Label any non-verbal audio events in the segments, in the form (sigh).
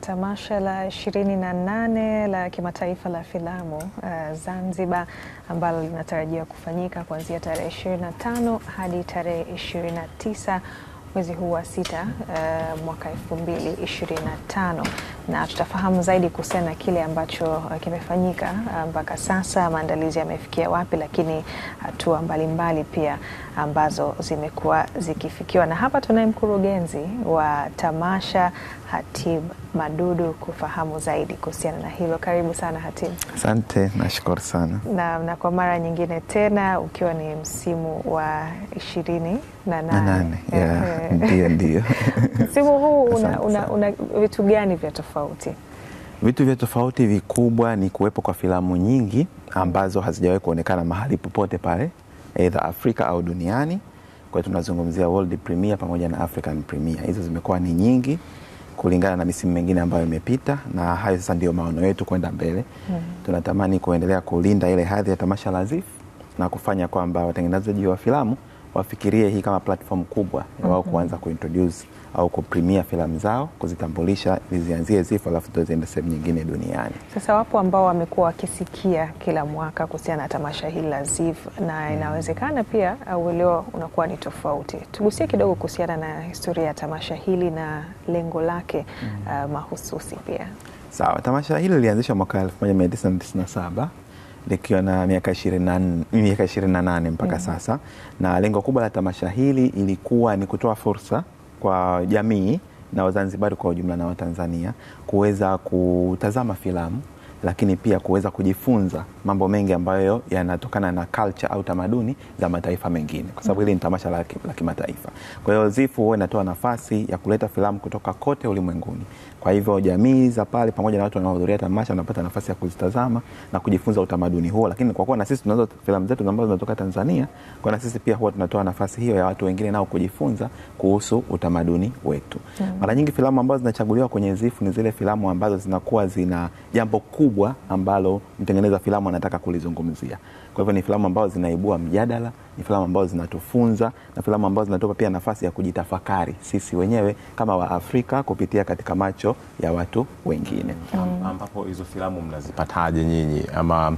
tamasha la 28 la kimataifa la filamu uh, Zanzibar ambalo linatarajiwa kufanyika kuanzia tarehe 25 hadi tarehe 29 mwezi huu wa sita uh, mwaka 2025 na tutafahamu zaidi kuhusiana na kile ambacho uh, kimefanyika mpaka uh, sasa, maandalizi yamefikia wapi, lakini hatua uh, mbalimbali pia ambazo zimekuwa zikifikiwa. Na hapa tunaye mkurugenzi wa tamasha Hatib madudu kufahamu zaidi kuhusiana na hilo. Karibu sana Hatim. Asante, nashukuru sana na, na kwa mara nyingine tena ukiwa ni msimu wa ishirini na nane. Eh, eh. Ndio, ndio. (laughs) Msimu huu una, una, una vitu gani vya tofauti? Vitu vya tofauti vikubwa ni kuwepo kwa filamu nyingi ambazo hazijawahi kuonekana mahali popote pale either Afrika au duniani. Kwa hiyo tunazungumzia world premiere pamoja na African premiere, hizo zimekuwa ni nyingi kulingana na misimu mingine ambayo imepita, na hayo sasa ndio maono yetu kwenda mbele. -hmm. Tunatamani kuendelea kulinda ile hadhi ya tamasha la ZIFF na kufanya kwamba watengenezaji wa filamu wafikirie hii kama platform kubwa ya wao hmm. kuanza kuintroduce au kuprimia filamu zao kuzitambulisha, zianzie zifu alafu ndo ziende sehemu nyingine duniani. Sasa wapo ambao wamekuwa wakisikia kila mwaka kuhusiana na tamasha hili la ZIF na mm. inawezekana pia uh, uelewa unakuwa ni tofauti. Tugusie kidogo kuhusiana na historia ya tamasha hili na lengo lake mm uh, mahususi pia. Sawa, tamasha hili lilianzishwa mwaka 1997 likiwa na miaka nane mpaka mm -hmm. sasa, na lengo kubwa la tamasha hili ilikuwa ni kutoa fursa kwa jamii na Wazanzibari kwa ujumla na Watanzania kuweza kutazama filamu lakini pia kuweza kujifunza mambo mengi ambayo yanatokana na culture au tamaduni za mataifa mengine, kwa sababu hili ni tamasha la kimataifa. Kwa hiyo ZIFU huwa inatoa nafasi ya kuleta filamu kutoka kote ulimwenguni kwa hivyo jamii za pale pamoja na watu wanaohudhuria tamasha wanapata nafasi ya kuzitazama na kujifunza utamaduni huo, lakini kwa kuwa na sisi tunazo filamu zetu ambazo zinatoka Tanzania, kwa na sisi pia huwa tunatoa nafasi hiyo ya watu wengine nao kujifunza kuhusu utamaduni wetu. Mm. Mara nyingi filamu ambazo zinachaguliwa kwenye Zifu ni zile filamu ambazo zinakuwa zina jambo kubwa ambalo mtengeneza filamu anataka kulizungumzia. Kwa hivyo ni filamu ambazo zinaibua mjadala, ni filamu ambazo zinatufunza na filamu ambazo zinatupa pia nafasi ya kujitafakari sisi wenyewe kama Waafrika kupitia katika macho ya watu wengine. Mm. Ambapo hizo filamu mnazipataje nyinyi ama mm.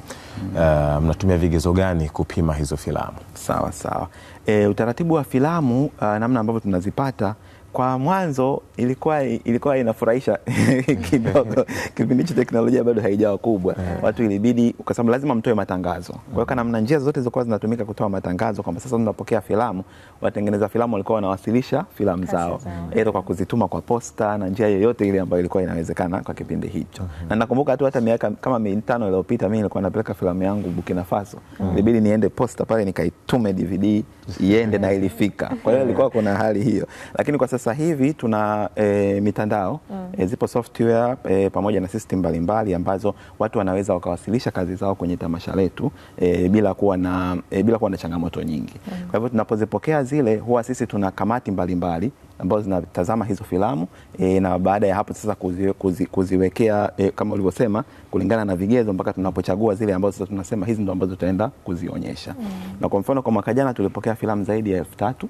uh, mnatumia vigezo gani kupima hizo filamu? Sawa sawa. E, utaratibu wa filamu uh, namna ambavyo tunazipata kwa mwanzo ilikuwa ilikuwa inafurahisha (laughs) kidogo (laughs) kipindi hicho teknolojia bado haijawa kubwa yeah. Watu ilibidi kwa sababu lazima mtoe matangazo Kwa hiyo kana mna njia zote zilizokuwa zinatumika kutoa matangazo kwamba sasa tunapokea filamu, watengeneza filamu walikuwa wanawasilisha filamu zao aidha kwa kuzituma kwa posta na njia yoyote ile ambayo ilikuwa inawezekana kwa kipindi hicho mm -hmm. Na nakumbuka tu hata miaka kama mitano iliyopita mimi nilikuwa napeleka filamu yangu Burkina Faso mm -hmm. Ilibidi niende posta pale nikaitume DVD iende na ilifika. Kwa hiyo ilikuwa kuna hali hiyo, lakini kwa sasa sasa hivi tuna e, mitandao mm. e, zipo software e, pamoja na system mbalimbali ambazo watu wanaweza wakawasilisha kazi zao kwenye tamasha letu e, bila kuwa na e, bila kuwa na changamoto nyingi mm. Kwa hivyo tunapozipokea zile, huwa sisi tuna kamati mbalimbali ambazo zinatazama hizo filamu e, na baada ya hapo sasa kuzi, kuzi, kuziwekea e, kama ulivyosema kulingana na vigezo mpaka tunapochagua zile ambazo sasa tunasema hizi ndo ambazo tutaenda kuzionyesha mm. Na kwa mfano kwa mwaka jana tulipokea filamu zaidi ya elfu tatu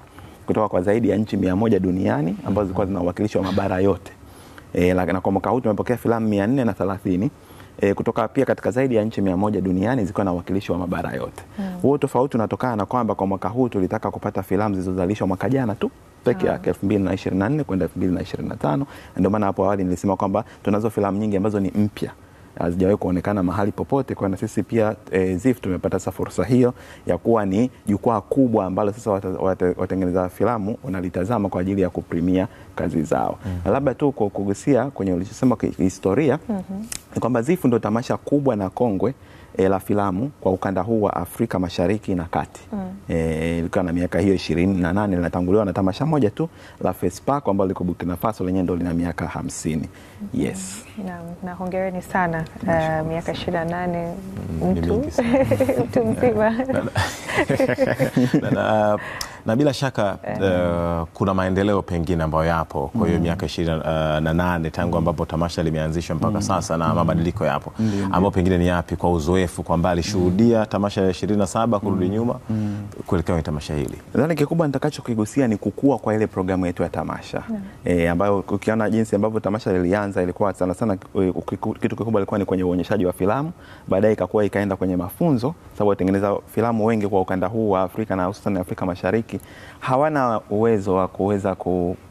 kutoka kwa zaidi ya nchi mia moja duniani ambazo zilikuwa zina uwakilishi wa mabara yote e, na kwa mwaka huu tumepokea filamu mia nne na thelathini e, kutoka pia katika zaidi ya nchi mia moja duniani zikiwa na uwakilishi wa mabara yote hmm. huo. Hmm. Tofauti unatokana na kwamba kwa mwaka huu tulitaka kupata filamu zilizozalishwa mwaka jana tu peke yake hmm. elfu mbili na ishirini na nne kwenda elfu mbili na ishirini na tano. Ndio maana hapo awali nilisema kwamba tunazo filamu nyingi ambazo ni mpya hazijawahi kuonekana mahali popote. Kwa na sisi pia e, ZIFF tumepata sasa fursa hiyo ya kuwa ni jukwaa kubwa ambalo sasa watengeneza filamu wanalitazama kwa ajili ya kuprimia kazi zao. mm -hmm. Labda tu kwa kugusia kwenye ulichosema historia, mm -hmm. kwamba ZIFF ndio tamasha kubwa na kongwe e, la filamu kwa ukanda huu wa Afrika Mashariki na Kati mm. Eh, ilikuwa mm. e, na miaka hiyo ishirini na nane linatanguliwa na tamasha moja tu la FESPACO ambalo liko Burkina Faso, lenyewe ndo lina miaka hamsini. Yes, na hongereni sana, eh, miaka ishirini na nane (laughs) mtu mzima (laughs) na bila shaka uh, kuna maendeleo pengine ambayo yapo. Kwa hiyo mm. miaka ishirini uh, na nane tangu mm. ambapo tamasha limeanzishwa mpaka mm. sasa na mm. mabadiliko yapo ambayo pengine ni yapi kwa uzoefu kwamba alishuhudia mm. tamasha ya ishirini na saba mm. kurudi mm. nyuma mm. kuelekea kwenye tamasha hili? Nadhani kikubwa nitakachokigusia ni kukua kwa ile programu yetu ya tamasha mm. e, ambayo ukiona jinsi ambavyo tamasha lilianza ilikuwa sana sana kitu kikubwa ilikuwa ni kwenye uonyeshaji wa filamu, baadaye ikakuwa ikaenda kwenye mafunzo, sababu watengeneza filamu wengi kwa ukanda huu wa Afrika na hususan Afrika Mashariki haki hawana uwezo wa kuweza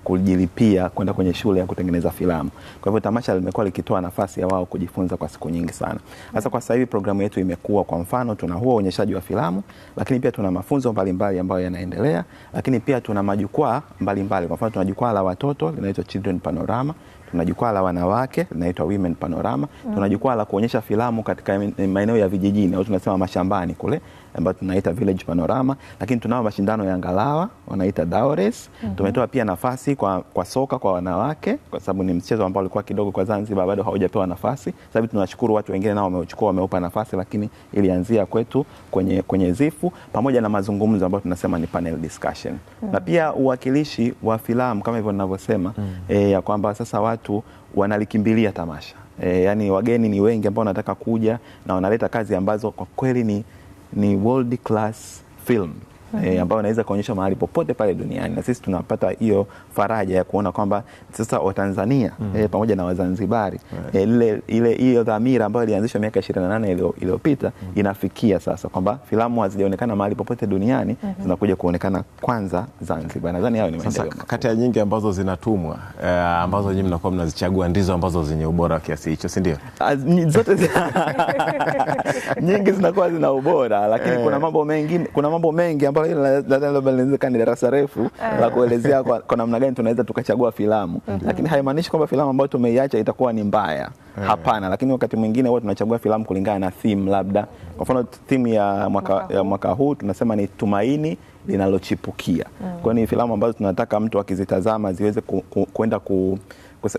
kujilipia kwenda kwenye shule ya kutengeneza filamu. Kwa hivyo tamasha limekuwa likitoa nafasi ya wao kujifunza kwa siku nyingi sana. Sasa kwa sasa hivi programu yetu imekuwa, kwa mfano, tuna huo uonyeshaji wa filamu, lakini pia tuna mafunzo mbalimbali ambayo yanaendelea, lakini pia tuna majukwaa mbalimbali. Kwa mfano, tuna jukwaa la watoto linaloitwa Children Panorama tuna jukwaa la wanawake linaitwa Women Panorama mm. tuna jukwaa la kuonyesha filamu katika maeneo ya vijijini au tunasema mashambani kule ambayo tunaita Village Panorama, lakini tunao mashindano ya ngalawa wanaita Dawres. mm -hmm. Tumetoa pia nafasi kwa, kwa soka kwa wanawake kwa sababu ni mchezo ambao ulikuwa kidogo kwa Zanzibar bado haujapewa nafasi. Sababu tunashukuru watu wengine nao wameuchukua wameupa nafasi, lakini ilianzia kwetu kwenye, kwenye zifu pamoja na mazungumzo ambayo tunasema ni panel discussion mm -hmm. na pia uwakilishi wa filamu kama hivyo ninavyosema mm -hmm. E, ya kwamba sasa watu watu wanalikimbilia tamasha e, yani wageni ni wengi ambao wanataka kuja na wanaleta kazi ambazo kwa kweli ni, ni world class film mm -hmm. e, ambayo inaweza kuonyesha mahali popote pale duniani, na sisi tunapata hiyo faraja ya kuona kwamba sasa Watanzania mm -hmm. e, pamoja na Wazanzibari right. e, ile hiyo dhamira ambayo ilianzishwa miaka 28 iliyopita mm -hmm. inafikia sasa kwamba filamu hazijaonekana mahali popote duniani mm -hmm. zinakuja kuonekana kwanza Zanzibar. Nadhani hayo ni maendeleo. Sasa kati ya nyingi ambazo zinatumwa uh, ambazo nyinyi mnakuwa mnazichagua ndizo ambazo zenye ubora wa kiasi hicho, si ndio? Ah, zote (laughs) nyingi zinakuwa zina ubora, lakini eh. kuna mambo mengi kuna mambo mengi ambayo swala hili nadhani labda linawezekana ni darasa refu eh. la kuelezea kwa, kwa namna gani tunaweza tukachagua filamu mm -hmm. Lakini haimaanishi kwamba filamu ambayo tumeiacha itakuwa ni mbaya yeah. Hapana, lakini wakati mwingine huwa tunachagua filamu kulingana na theme, labda kwa mfano theme ya mwaka, ya mwaka huu tunasema ni tumaini linalochipukia mm -hmm. Kwa hiyo ni filamu ambazo tunataka mtu akizitazama ziweze ku, ku, kuenda ku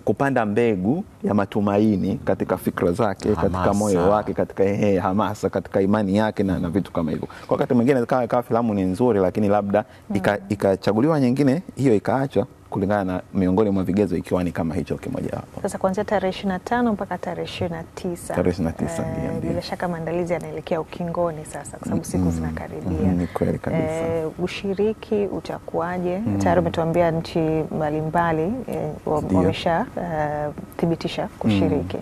kupanda mbegu ya matumaini katika fikra zake hamasa, katika moyo wake, katika ehe, hamasa katika imani yake na, na vitu kama hivyo. Kwa wakati mwingine ikawa filamu ni nzuri, lakini labda ikachaguliwa ika nyingine hiyo ikaachwa kulingana na miongoni mwa vigezo ikiwa ni kama hicho kimojawapo. Sasa kuanzia tarehe 25 mpaka tarehe 29. Tarehe 29 eh, ndio. Bila shaka maandalizi yanaelekea ukingoni sasa kwa sababu siku zinakaribia. Ni kweli kabisa. Eh, ushiriki utakuwaje? Tayari umetuambia nchi mbalimbali eh, wamesha thibitisha kushiriki.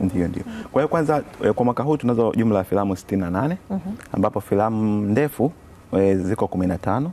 Ndio, ndio. Kwa hiyo kwanza, kwa mwaka huu tunazo jumla ya filamu 68 mm-hmm. ambapo filamu ndefu ziko 15,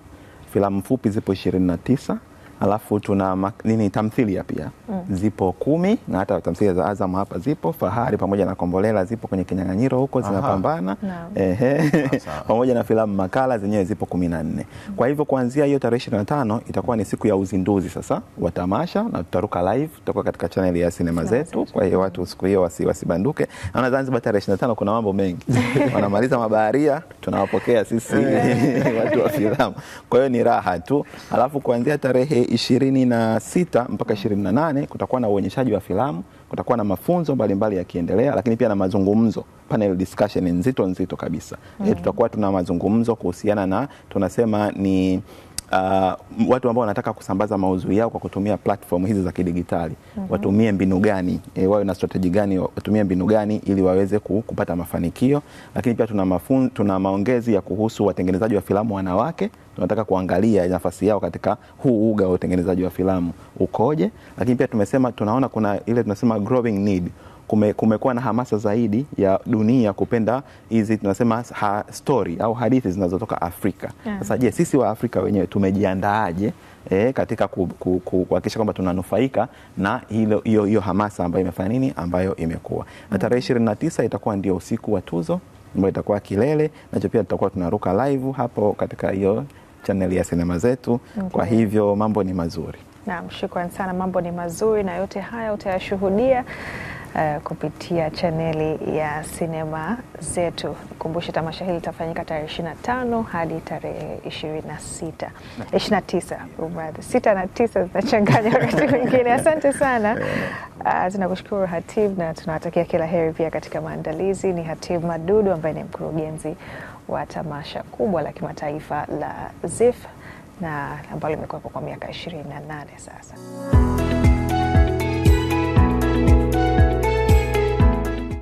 filamu fupi zipo 29 alafu tuna nini tamthilia pia mm. zipo kumi na hata tamthilia za Azam hapa zipo Fahari pamoja na Kombolela zipo kwenye kinyang'anyiro huko zinapambana ehe, (laughs) pamoja na filamu makala zenyewe zipo kumi na nne mm. kwa hivyo kuanzia hiyo tarehe 25 itakuwa ni siku ya uzinduzi sasa wa tamasha na tutaruka live tutakuwa katika channel ya sinema zetu. Kwa hiyo watu siku hiyo wasi, wasibanduke. Naona Zanzibar tarehe 25 kuna mambo mengi (laughs) wanamaliza mabaharia, tunawapokea sisi (laughs) watu wa filamu, kwa hiyo ni raha tu, alafu kuanzia tarehe ishirini na sita mpaka ishirini na nane kutakuwa na uonyeshaji wa filamu, kutakuwa na mafunzo mbalimbali yakiendelea, lakini pia na mazungumzo panel discussion nzito nzito kabisa. Mm. E, tutakuwa tuna mazungumzo kuhusiana na tunasema ni uh, watu ambao wanataka kusambaza maudhui yao kwa kutumia platform hizi za kidigitali mm -hmm. watumie mbinu gani e, wawe na strategy gani, watumie mbinu gani ili waweze kupata mafanikio. Lakini pia tuna mafun, tuna maongezi ya kuhusu watengenezaji wa filamu wanawake tunataka kuangalia nafasi yao katika huu uga wa utengenezaji wa filamu ukoje, lakini pia tumesema tunaona kuna ile tunasema growing need kume, kumekuwa na hamasa zaidi ya dunia kupenda hizi tunasema ha, story au hadithi zinazotoka Afrika. Sasa Je, sisi wa Afrika wenyewe tumejiandaaje eh, katika kuhakikisha kwamba tunanufaika na hiyo hiyo hamasa ambayo imefanya nini ambayo imekuwa na tarehe mm-hmm. ishirini na tisa itakuwa ndio usiku wa tuzo ambayo itakuwa kilele, nacho pia tutakuwa tunaruka live hapo katika hiyo chaneli ya sinema zetu okay. Mm-hmm. Kwa hivyo mambo ni mazuri. Naam, shukrani sana, mambo ni mazuri na yote haya utayashuhudia. Eh, kupitia chaneli ya sinema zetu. Nikumbushe tamasha hili litafanyika tarehe 25 hadi tarehe na 29, umradhi, sita na tisa zinachanganya (laughs) wakati mwingine. Asante sana uh, (laughs) tunakushukuru Hatib na tunawatakia kila heri pia katika maandalizi. Ni Hatib Madudu ambaye ni mkurugenzi wa tamasha kubwa la kimataifa la ZIFF na ambalo limekuwepo kwa miaka 28 sasa.